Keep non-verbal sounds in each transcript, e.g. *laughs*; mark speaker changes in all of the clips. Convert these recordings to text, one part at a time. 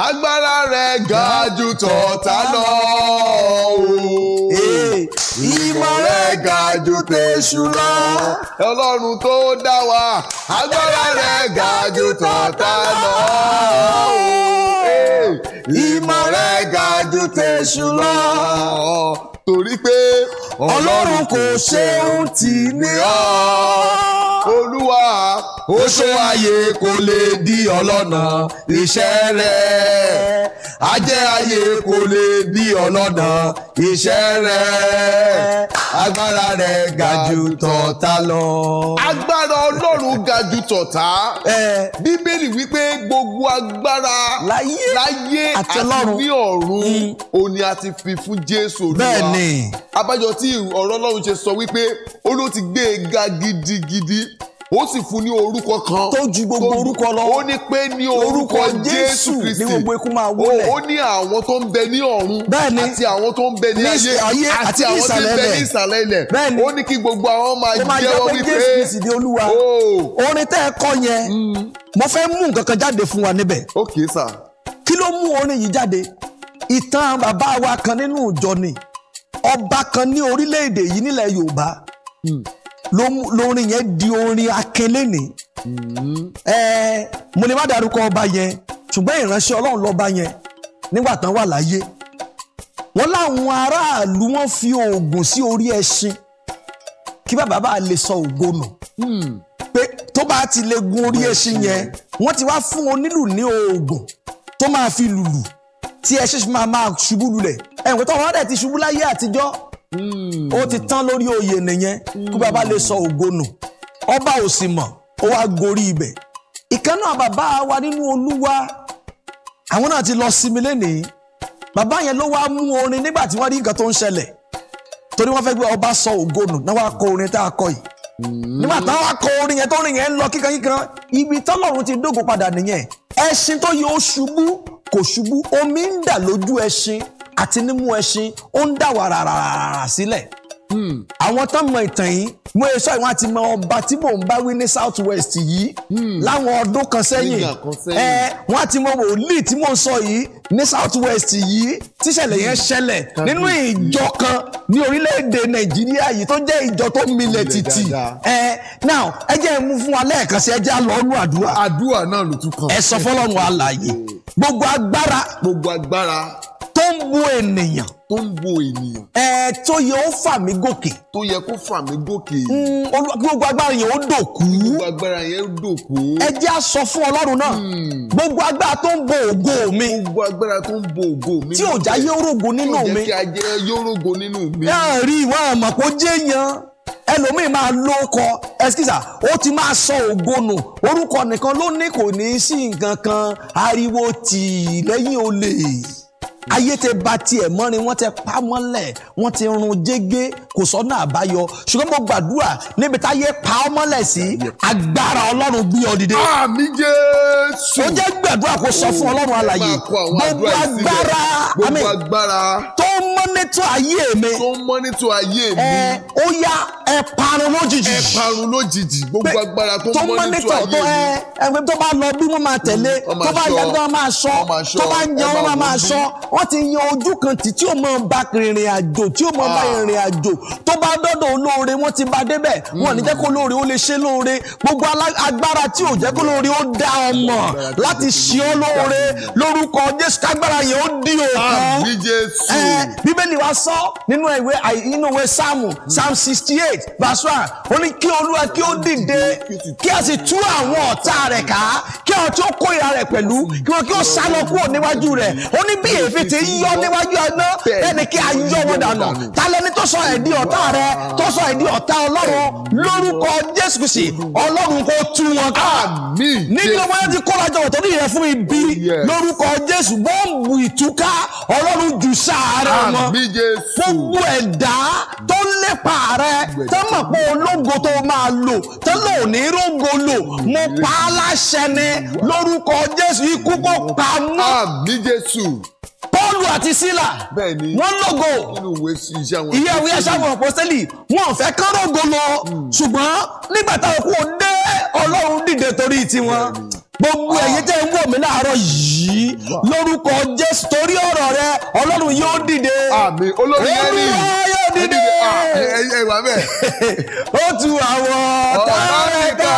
Speaker 1: agbára rẹ̀ ga jù tọ̀tá lọ ìmọ̀ rẹ̀ ga jù tẹ̀sù lọ. ọlọ́run tó dá wa agbára rẹ̀ ga jù tọ̀tá lọ. ìmọ̀ rẹ̀ ga jù tẹ̀sù lọ. torí pé ọlọ́run kò ṣe ń tì ní ọ́ olúwa oṣó ayé kò lè di ọlọ́nà iṣẹ́ rẹ̀ ajẹ́ ayé kò lè di ọlọ́nà iṣẹ́ rẹ̀ agbára rẹ̀ ga jù tọ̀tá lọ. agbára ọlọ́run ga jù tọ̀tá bíbélì wípé gbogbo agbára láyé àti ní ọ̀run òní àti fi fún jésù olúwa bẹ́ẹ̀ ni abájọ tí ọ̀rọ̀ ọlọ́run ṣe sọ wípé ó ti gbé e ga gidigidi ó sì fún ní orúkọ kan tó ju gbogbo orúkọ lọ ó ní pé ní orúkọ jésù kristi ní gbogbo ikú máa wọlẹ̀ ó ní àwọn tó ń bẹ ní ọ̀run àti àwọn tó ń bẹ ní ayé àti àwọn tó ń bẹ ní ìsàlẹ̀ ilẹ̀ ó ní kí gbogbo àwọn máa jẹ́wọ́ wípé jésù kristi di olúwa oh. orin tẹ́ ẹ kọ yẹn mm. mo fẹ́ mú nǹkan jáde fún wa níbẹ̀ okay sir kí ló mú orin yìí jáde ìtàn bàbá wa kan nínú ìjọ ni ọba kan ní orílẹ̀-èdè yìí nílẹ̀ yorùbá mm lórin yẹn di orin akẹ́lẹ́nì ẹ mo lè má darúkọ ọba yẹn ṣùgbọ́n ìránṣẹ́ ọlọ́run lọ́ba yẹn nígbà tán wà láyé wọ́n láwọn aráàlú wọ́n fi oògùn sí orí ẹṣin kí bàbá bá lè sọ ògo nù hmm. pé tó bá ti lè gun orí ẹṣin yẹn wọ́n ti wá fún onílù ní oògùn tó máa fi lùlù tí ẹṣin máa máa ṣubú lulẹ̀ ẹ̀wọ̀n tó wọ́n dẹ̀ ti ṣubú láyé àtijọ́ ó ti tán lórí oyè nìyẹn kí bàbá lè sọ ògo nù ọba ò sì mọ̀ ó wá gorí ibẹ̀ ìkan náà bàbá wa nínú olúwa àwọn náà ti lọ sinmi lénìí bàbá yẹn ló wá mú orin nígbà tí wọ́n rí nǹkan tó ń ṣẹlẹ̀ torí wọ́n fẹ́ gbé ọba sọ ògo nù náà wá kọ orin tá a kọ yìí nígbà táwọn akọ orin yẹn tó rìn yẹn ń lọ kíkankíkan ibi tọ́lọ́run ti dógò padà nìyẹn ẹṣin tó yẹ ó ṣubú kò ṣubú omi ń dà lójú ẹṣin àti nímú ẹṣin ó ń dà wà ràràràrà sílẹ̀. Hmm. àwọn tó mọ ìtàn yìí mo sọ ìwọ̀n àti mọ ọba tí mò ń bá wí ní south west yìí hmm. láwọn ọdún kan sẹ́yìn wọ́n àti mọ wòlíì tí mò ń sọ yìí ní south west yìí tíṣẹ̀lẹ̀ now ẹ jẹ́ mú fún wa lẹ́ẹ̀kan sí ẹ jẹ́ àlọ́ọ̀nù àdúrà àdúrà náà ló tún kàn ń ènìyàn. tó ń ènìyàn. ẹ tó yẹ ó fà mí gòkè. tó yẹ kó fà mí gòkè. Mm, gbogbo agbára yẹn ó dòkú. gbogbo agbára yẹn ó dòkú. ẹ jẹ́ sọ fún ọlọ́run náà. Hmm. gbogbo agbára tó ń bo ògo mi. gbogbo agbára tó ń bo ògo mi. tí òjá nínú mi. tí òjá jẹ́ nínú mi. rí ìwọ àmọ̀ kó ẹlòmíì máa ló kọ ẹsikísà ó ti máa sọ ògo nù orúkọ nìkan ló ní kò ní sí nǹkan ariwo tì lẹ́yìn olè. ayé tẹ ba tiẹ̀ mọ́ ni wọ́n tẹ pa mọ́lẹ̀ wọ́n ti run jégé kò sọ́nà àbáyọ ṣùgbọ́n mo gbàdúrà níbi táyé pa ọ́ mọ́lẹ̀ sí agbára ọlọ́run gbé ọ dìde. àmì jésù. ó jẹ́ gbàdúrà kó sọ fún ọlọ́run àlàyé gbogbo agbára àmì tó ń mọ́nítọ̀ ayé mi. tó ń mọ́nítọ̀ ayé mi. ẹ ó yá ẹ parun lójijì. ẹ parun lójijì gbogbo agbára tó ń mọ́nítọ̀ ayé mi. tó mọ́nítọ̀ tó ẹ ẹ tó bá lọ bí wọ́n máa tẹ̀lé tó bá yẹ kí wọ́n máa sọ tó bá ń jẹun wọ́n máa sọ wọ́n ti yan ojú kan tì tí ó máa bá rìnrìn àjò tí ó máa bá ah. rìnrìn àjò tó dọ́dọ̀ olóore wọ́n ti bá débẹ̀ wọ́n ní jẹ́ kó lóore ó lè ṣe lóore gbogbo agbára tí ò jẹ́ kó lóore ó dá ọmọ láti ṣe ọ́ lóore lórúkọ Jésù kágbára yẹn ó dí òkun bíbélì wa sọ nínú ìwé nínú ìwé sáàmù sáàmù sixty eight verse one ó ní kí olúwa kí ó dìde kí a sì tú àwọn ọ̀tá rẹ̀ ká kí àwọn tí ó kórìíra rẹ̀ pẹ̀lú kí wọn kí ó sá lọ kúrò níwájú rẹ̀ ó ní bí èéfín ti yọ níwájú ẹ̀ rẹ tó sọ ìdí ọ̀tá ọlọ́run lórúkọ jésù kìsì ọlọ́run kò tú wọn ká nínú ọmọ yẹn ti kọ́lájọ ọ̀tọ́ ní ìyẹn fún ibi oh, lórúkọ jésù bọ́ọ̀mù ìtúká ọlọ́run jù sáàárẹ̀ wọn gbogbo ẹ̀dá tó lépa rẹ tó ológo tó máa lò tó lò ní lò mo pa á láṣẹ ni lórúkọ jésù ikú kò pa mọ́. Pọ́ọ̀lù àti Sílà wọ́n lógo ìyá ìwé aṣáwọn àpọ́sẹ́lì wọn fẹ́ kán rògo lọ hmm. ṣùgbọ́n nígbà táwọn kò dé Ọlọ́run dìde torí tiwọn gbogbo ẹyẹ tẹ ń wò mí láàárọ̀ yìí lórúkọ Jésù torí ọ̀rọ̀ rẹ Ọlọ́run yóò dìde olórí yóò dìde ah, *laughs* ó tu àwọn ọ̀tá rẹ̀ ká.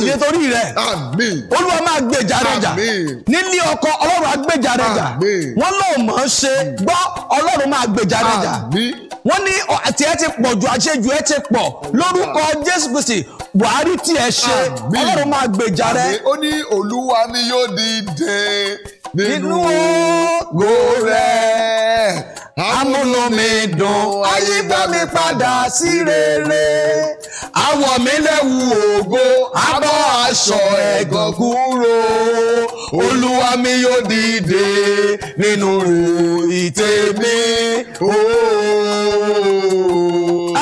Speaker 1: dìde torí rẹ̀ olúwa máa gbèjà rẹ̀ jà nílé ọkọ ọlọ́run á gbèjà rẹ̀ jà wọ́n lọ́ọ̀ mọ̀ ọ́n ṣe gbọ́ ọlọ́run máa gbèjà rẹ̀ jà wọ́n ní àti ẹ ti pọ̀ ju àṣejù ẹ ti pọ̀ lórúkọ jésù kristi buhari tí ẹ ṣe ọlọ́run máa gbèjà rẹ. ó ní olúwa ni yóò dìde nínú ògo rẹ̀ amúnú mi dùn ayé bá mi padà sí rere àwọ̀ mi lẹ́wù ògo abọ́ aṣọ ẹ̀gàn kúrò olúwa mi yóò dìde nínú ìtẹ́ mi.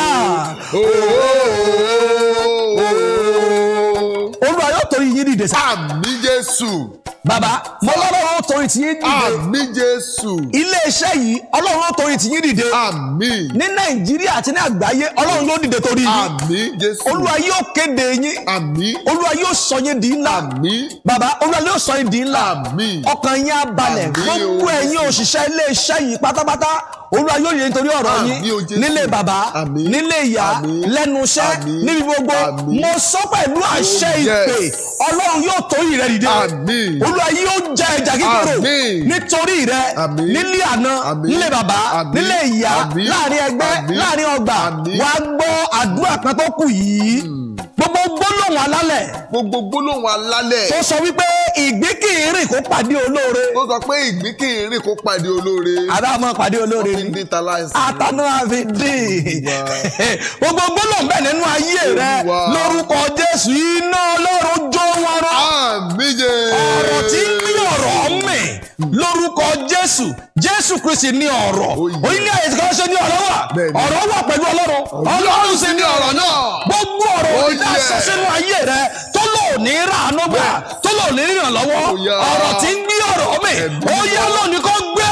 Speaker 1: Ah. olúwa yóò torí yín dìde sá. àmì jésù. bàbá mo lọ́rọ̀ torí ti yín dìde. àmín jésù. iléeṣẹ́ yìí ọlọ́run ló torí ti yín dìde. àmín. ní nàìjíríà àti ní àgbáyé ọlọ́run ló dìde torí yín. àmín jésù. olúwa yóò kéde yín. àmín. olúwa yóò sọ yín di ńlá. àmín. bàbá olúwa yóò sọ yín di ńlá. àmín. ọkàn yín á balẹ̀. gbogbo ẹ̀yin òṣìṣẹ́ iléeṣẹ́ yìí pátápátá olúwa yóò yẹ nítorí ọ̀rọ̀ yín nílé bàbá nílé ìyá lẹ́nu iṣẹ́ níbi gbogbo mo sọ pẹ̀lú àṣẹ oh, ìpè ọlọ́run yóò torí rẹ dìde olúwa yóò jẹ ẹja kíkorò nítorí rẹ nílé àná nílé bàbá nílé ìyá láàrin ẹgbẹ́ láàrin ọgbà wàá gbọ́ àdúrà kan tó kù yìí. Hmm gbólóhùn alálẹ̀. gbogbo gbólóhùn alálẹ̀. tó sọ wípé ìgbín kì í rìn kó pàdé olóore. tó sọ pé ìgbín kì í rìn kó pàdé olóore. àdá mọ pàdé olóore ni. àtànú àfi dín. *laughs* gbogbo gbólóhùn bẹ́ẹ̀ nínú ayé rẹ lórúkọ Jésù iná Ọlọ́run jó wọn rọ. àmíye. ọ̀rọ̀ tí ń bí ọ̀rọ̀ mì lórúkọ Jésù Jésù Kristi ní ọ̀rọ̀ oyin ní àyè tí kò ṣe ní ọ̀rọ̀ wà ọ̀rọ̀ wà pẹ̀lú Ọlọ́run Ọlọ́run sì ní ọ̀rọ̀ náà ìdá sọ́sínú ayé rẹ tó lò ní ràánú gbà tó lò ní ìrànlọ́wọ́ ọ̀rọ̀ tí ń gbé ọ̀rọ̀ mi ó yá lónìí kó gbé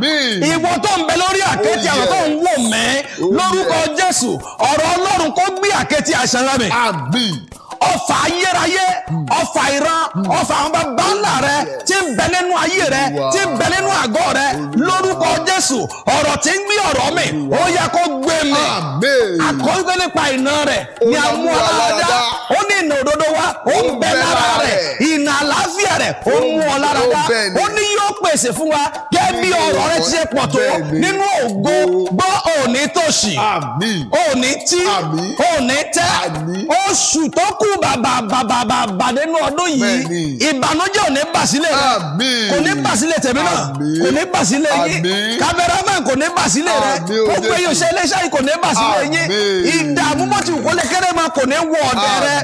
Speaker 1: mi ìwọ tó ń bẹ lórí àkẹ́tì àwọn tó ń wò mí lórúkọ Jésù ọ̀rọ̀ Ọlọ́run kó gbé àkẹ́tì àṣàrà mi ọfà ayérayé hmm. ọfà ìran ọfà àwọn bàbá ńlá rẹ tí ń bẹ nínú ayé rẹ tí ń bẹ nínú àgọ́ rẹ lórúkọ Jésù ọ̀rọ̀ tí ń gbé ọ̀rọ̀ mi ó yẹ kó gbé mi àkọ́gbé nípa ìná rẹ̀ ni a mú ọlọ́dá ó ní ìnà òdodo wa ó ń bẹ lára rẹ̀ ìnà àlàáfíà rẹ̀ ó mú ọ lára dá ó ní yóò pèsè fún wa gẹ́gẹ́ bí ọ̀rọ̀ rẹ ti ṣe pọ̀ tó nínú ògo gbọ́ òní tòṣì òní tí òní tẹ́ oṣù tó kù bàbà bàbà bàbà nínú ọdún yìí ìbànújẹ́ ò ní bàsílẹ̀ rẹ kò ní bàsílẹ̀ tẹ̀mí náà kò ní bàsílẹ̀ yín kámẹ́rámán kò ní bàsílẹ̀ rẹ gbogbo iye òṣèlè ṣáà kò ní bàsílẹ̀ yín ìdààmú kò ní wọ ọ̀dẹ̀ rẹ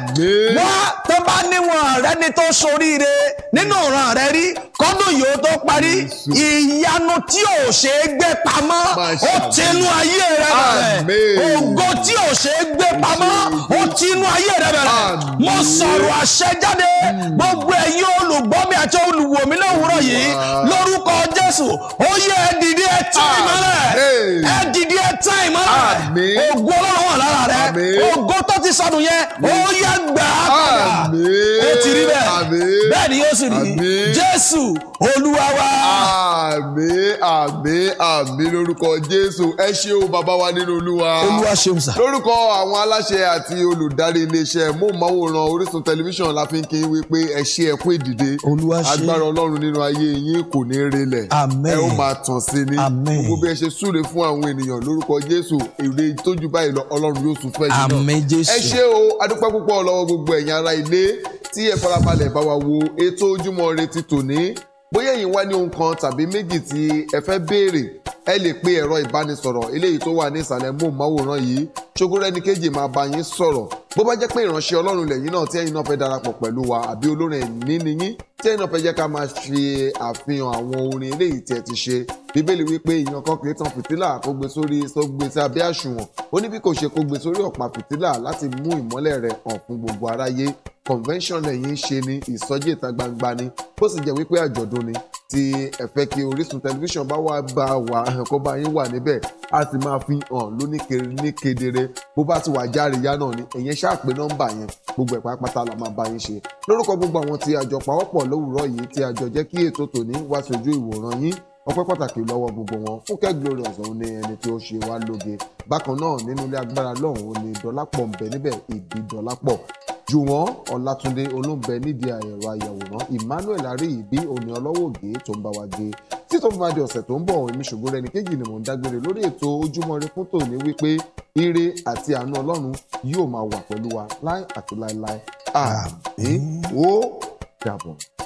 Speaker 1: wá tó bá níwọ̀n rẹ ni tó soríire nínú ọ̀ràn rẹ rí kọ́dún yìí tó parí ìyanu tí ò ṣe é gbé pamọ́ ó tinú ayé rẹ bẹ̀rẹ̀ ògo tí ò ṣe é gbé pamọ́ ó tinú ayé rẹ bẹ̀rẹ̀ mo sọ̀rọ̀ àṣẹ jáde hmm. gbogbo ẹ̀yin olùgbọ́ àti olùwò mi lówùúrọ̀ yìí lórúkọ jésù ó yẹ ẹ dìde ẹ tán ìmọ́lẹ̀ ah, ẹ dìde ẹ tán ìmọ́lẹ̀ ògo ọlọ́run wà lára rẹ ògo tó ti sọnù yẹn ó yẹ gbà á padà ó ti rí bẹ́ẹ̀ bẹ́ẹ̀ ni yóò sì rí jésù olúwa wa. àmín àmín lórúkọ jésù ẹ ṣé o bàbá wa nínú olúwa olúwa ṣeun sà. lórúkọ àwọn aláṣẹ àti olùdarí iléeṣẹ́ móhùnmáwòrán orísun tẹlifíṣàn la fi ń kí wípé ẹ ṣé ẹ kú ìdìde agbára ọlọ́run nínú ayé yín kò ní relẹ̀ ẹ ó máa tàn sí ni gbogbo bí ẹ ṣe súre fún àwọn ènìyàn lórúkọ jésù èrè tójú báyìí lọ ọlọ́run yóò tún fẹ́ jùlọ ẹ ṣé o adúpẹ́ púpọ̀ lọ́wọ́ gbogbo ẹ̀yin ará ilé tí ẹ farabalẹ̀ bá wa wo ètò ojúmọ́ ire ti tòní bóyá ẹ̀yin wá ní ohun kan tàbí méjì tí ẹ fẹ́ béèrè ẹ lè pe ẹ̀rọ ìbánisọ̀rọ̀ eléyìí tó wà ní ìsàlẹ̀ móhùnmáwòrán yìí ṣogúnrẹ́ni kejì máa bá yín sọ̀rọ̀ bó bá jẹ́ pé ìránṣẹ́ ọlọ́run lẹ́yìn náà tí ẹ̀yin náà fẹ́ darapọ̀ pẹ̀lú wa àbí olórin ẹ̀mí ni yín tí ẹ̀yin náà fẹ́ jẹ́ ká máa ṣe àfihàn àwọn orin eléyìí tí ẹ ti ṣe bíbélì wípé ìyàn kan kìí tan fìtílà kó gbé sórí tó gbé sí abẹ́ àṣùwọ̀n ó ní bí kò ṣe kó gbé sórí ọ̀pá fìtílà láti mú ìmọ́lẹ̀ rẹ̀ hàn fún gbogbo aráyé convention ẹ̀yin ṣe ni ìsọjí ìta gbangba ni bó sì jẹ́ wípé àjọ̀dún ni tí ẹ fẹ́ kí Orísun tẹlifíṣàn bá wà bá wà kó bá yín wà níbẹ̀ a sì máa fi hàn lóníkere ní kedere bó bá ti wà járíyá náà ni ẹ̀yin ṣáà nọ́mbà yẹn gbogbo ẹ̀ pátápátá la máa bá yín ṣe lórúkọ gbogbo àwọn tí àjọ pawọ́pọ̀ lówùúrọ̀ yìí tí àjọ jẹ́ kí ètò tòní wá sójú ìwòran yín ọpẹ́ pàtàkì lọ́wọ́ gbogbo wọn fúnkẹ́ glorious òun ni ẹni tí ó ṣe wá lóge bákan náà nínú ilé agbára lọ́hùn-ún ni dọ́lápọ̀ ń bẹ níbẹ̀ ìdí dọ́lápọ̀ jùwọ́n ọlátúndé olóńbẹ nídìí ẹ̀rọ ayàwòrán emmanuel aríyìbí òní ọlọ́wọ́gé tó ń bá wa gbé tí tó máa di ọ̀sẹ̀ tó ń bọ̀ èmi ṣògbọ́n rẹni kéjì ni mò ń dágbére lórí ètò ojúmọ́ ire fún tòní wípé ire àti àánú ọlọ́run yóò máa wà pẹ̀lú wa láì àti láéláé àmín ó dàbọ̀.